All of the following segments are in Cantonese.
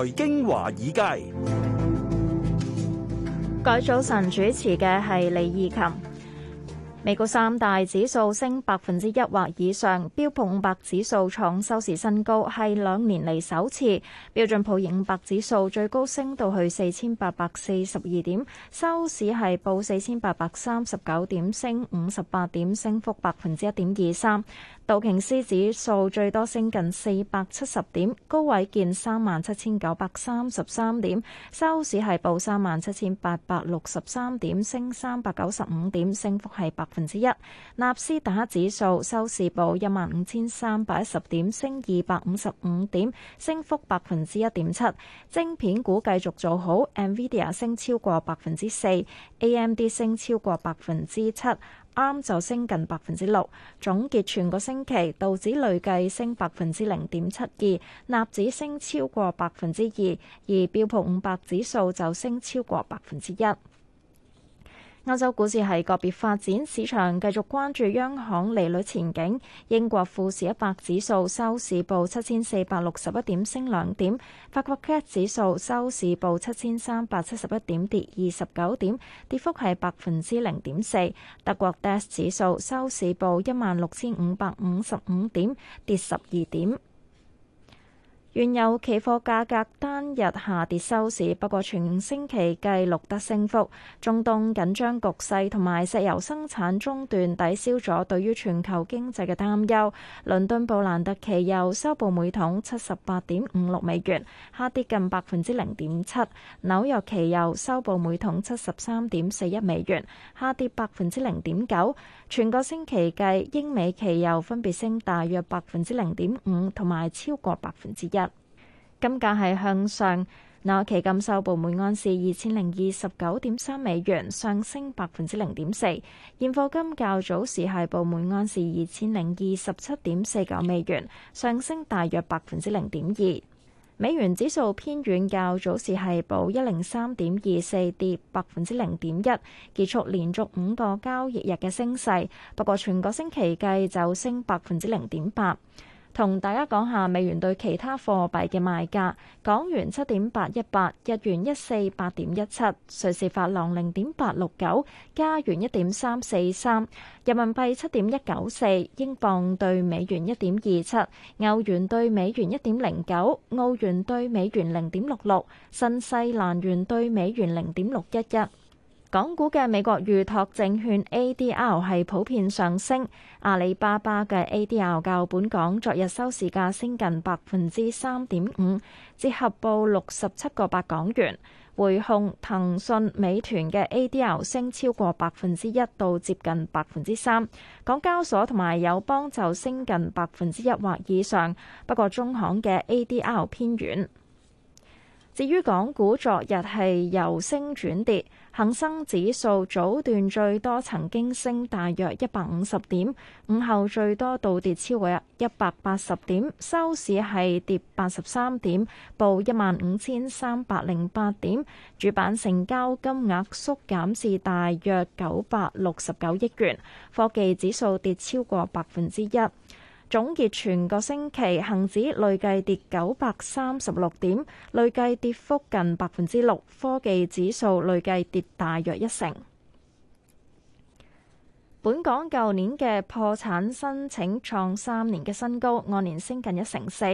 財經華爾街，改早晨主持嘅係李義琴。美國三大指數升百分之一或以上，標普五百指數創收市新高，係兩年嚟首次。標準普爾五百指數最高升到去四千八百四十二點，收市係報四千八百三十九點升，升五十八點，升幅百分之一點二三。道瓊斯指數最多升近四百七十點，高位見三萬七千九百三十三點，收市係報三萬七千八百六十三點，升三百九十五點，升幅係百分之一。納斯達克指數收市報一萬五千三百一十點，升二百五十五點，升幅百分之一點七。晶片股繼續做好，NVIDIA 升超過百分之四，AMD 升超過百分之七。啱就升近百分之六，總結全個星期，道指累計升百分之零點七二，納指升超過百分之二，而標普五百指數就升超過百分之一。歐洲股市係個別發展，市場繼續關注央行利率前景。英國富時一百指數收市報七千四百六十一點，升兩點。法國 CAC 指數收市報七千三百七十一點，跌二十九點，跌幅係百分之零點四。德國 DAX 指數收市報一萬六千五百五十五點，跌十二點。原油期貨價格單日下跌收市，不過全星期計錄得升幅。中東緊張局勢同埋石油生產中斷抵消咗對於全球經濟嘅擔憂。倫敦布蘭特期油收報每桶七十八點五六美元，下跌近百分之零點七；紐約期油收報每桶七十三點四一美元，下跌百分之零點九。全個星期計，英美期油分別升大約百分之零點五，同埋超過百分之一。金價係向上，那期金收報每安士二千零二十九點三美元，上升百分之零點四。現貨金較早時係報每安士二千零二十七點四九美元，上升大約百分之零點二。美元指數偏軟，較早時係報一零三點二四，跌百分之零點一，結束連續五個交易日嘅升勢。不過，全個星期計就升百分之零點八。同大家講下美元對其他貨幣嘅賣價：港元七點八一八，日元一四八點一七，瑞士法郎零點八六九，加元一點三四三，人民幣七點一九四，英鎊對美元一點二七，歐元對美元一點零九，澳元對美元零點六六，新西蘭元對美元零點六一一。港股嘅美國預託證券 ADR 係普遍上升，阿里巴巴嘅 ADR 較本港昨日收市價升近百分之三點五，折合報六十七個八港元。匯控、騰訊、美團嘅 ADR 升超過百分之一到接近百分之三。港交所同埋友邦就升近百分之一或以上，不過中行嘅 ADR 偏軟。至於港股昨日係由升轉跌，恒生指數早段最多曾經升大約一百五十點，午後最多倒跌超過一百八十點，收市係跌八十三點，報一萬五千三百零八點，主板成交金額縮減至大約九百六十九億元，科技指數跌超過百分之一。總結全個星期，恒指累計跌九百三十六點，累計跌幅近百分之六。科技指數累計跌大約一成。本港舊年嘅破產申請創三年嘅新高，按年升近一成四。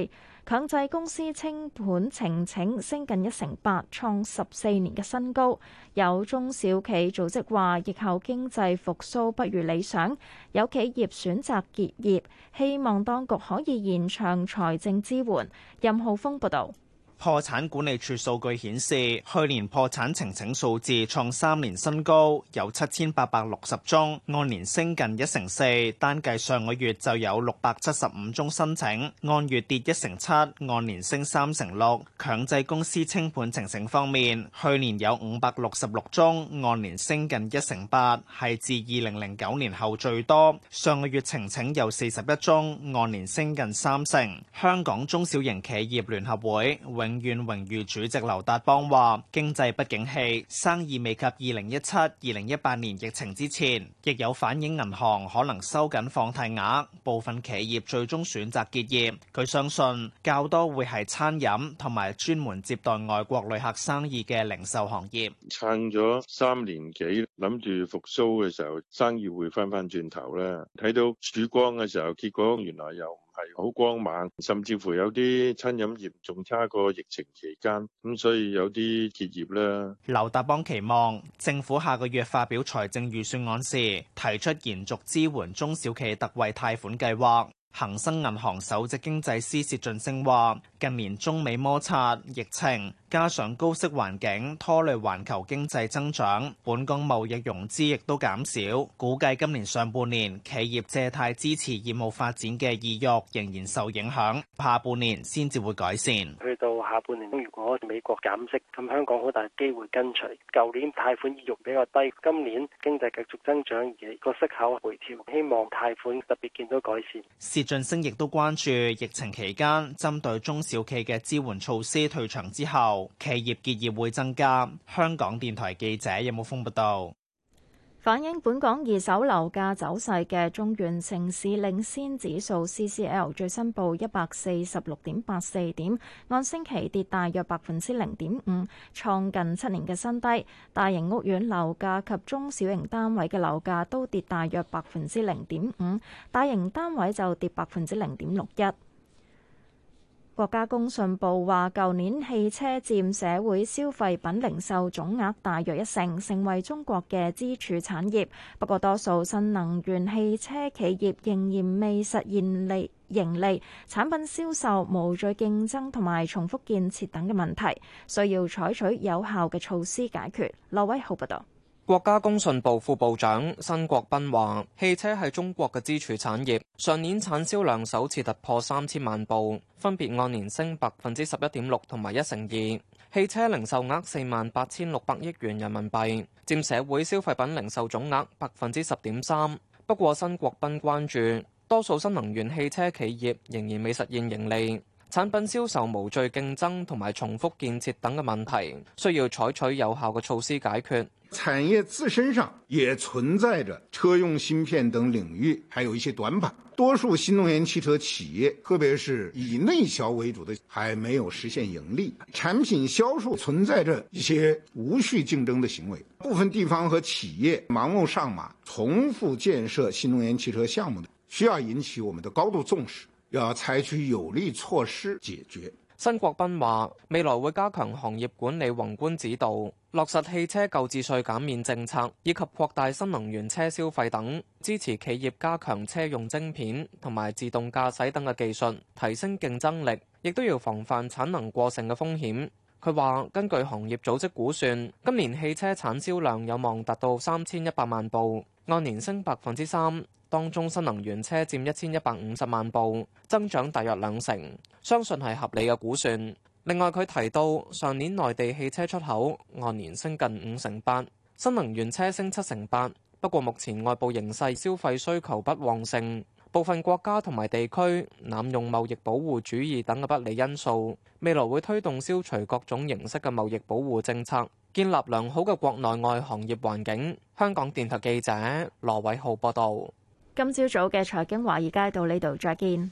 強制公司清盤呈請升近一成八，創十四年嘅新高。有中小企組織話，疫後經濟復甦不如理想，有企業選擇結業，希望當局可以延長財政支援。任浩峰報導。破產管理處數據顯示，去年破產呈請數字創三年新高，有七千八百六十宗，按年升近一成四。單計上個月就有六百七十五宗申請，按月跌一成七，按年升三成六。強制公司清盤呈請方面，去年有五百六十六宗，按年升近一成八，係自二零零九年後最多。上個月呈請有四十一宗，按年升近三成。香港中小型企業聯合會永遠榮譽主席劉達邦話，經濟不景氣，生意未及二零一七、二零一八年疫情之前，亦有反映銀行可能收緊放貸額，部分企業最終選擇結業。佢相信較多會係餐飲同埋專門接待外國旅客生意嘅零售行業，撐咗三年幾，諗住復蘇嘅時候生意會翻翻轉頭咧，睇到曙光嘅時候，結果原來又，係好光猛，甚至乎有啲餐飲業仲差過疫情期間，咁所以有啲結業啦。劉達邦期望政府下個月發表財政預算案時，提出延續支援中小企特惠貸款計劃。恆生銀行首席經濟師薛俊升話：近年中美摩擦、疫情加上高息環境拖累環球經濟增長，本港貿易融資亦都減少。估計今年上半年企業借貸支持業務發展嘅意欲仍然受影響，下半年先至會改善。去到下半年，如果美國減息，咁香港好大機會跟隨。舊年貸款意欲比較低，今年經濟繼續增長，而個息口回調，希望貸款特別見到改善。晉升亦都關注疫情期間，針對中小企嘅支援措施退場之後，企業結業會增加。香港電台記者任武峯報道。反映本港二手樓價走勢嘅中原城市領先指數 （CCL） 最新報一百四十六點八四點，按星期跌大約百分之零點五，創近七年嘅新低。大型屋苑樓價及中小型單位嘅樓價都跌大約百分之零點五，大型單位就跌百分之零點六一。國家工信部話，舊年汽車佔社會消費品零售總額大約一成，成為中國嘅支柱產業。不過，多數新能源汽車企業仍然未實現盈利盈利，產品銷售無序競爭同埋重複建設等嘅問題，需要採取有效嘅措施解決。羅威豪報道。國家工信部副部長辛國斌話，汽車係中國嘅支柱產業，上年產銷量首次突破三千萬部，分別按年升百分之十一點六同埋一成二。汽車零售額四萬八千六百億元人民幣，佔社會消費品零售總額百分之十點三。不過，辛國斌關注，多數新能源汽車企業仍然未實現盈利。產品銷售無序競爭同埋重複建設等嘅問題，需要採取有效嘅措施解決。產業自身上也存在着車用芯片等領域，還有一些短板。多數新能源汽車企業，特別是以內銷為主的，還沒有實現盈利。產品銷售存在着一些無序競爭的行為，部分地方和企業盲目上馬，重複建設新能源汽車項目，的需要引起我們的高度重視。要採取有力措施解決。辛國斌話：未來會加強行業管理、宏觀指導，落實汽車購置稅減免政策以及擴大新能源車消費等，支持企業加強車用晶片同埋自動駕駛等嘅技術，提升競爭力。亦都要防範產能過剩嘅風險。佢話：根據行業組織估算，今年汽車產銷量有望達到三千一百萬部，按年升百分之三。當中新能源車佔一千一百五十萬部，增長大約兩成，相信係合理嘅估算。另外，佢提到上年內地汽車出口按年升近五成八，新能源車升七成八。不過目前外部形勢消費需求不旺盛，部分國家同埋地區濫用貿易保護主義等嘅不利因素，未來會推動消除各種形式嘅貿易保護政策，建立良好嘅國內外行業環境。香港電台記者羅偉浩報道。今朝早嘅財經華爾街到呢度，再見。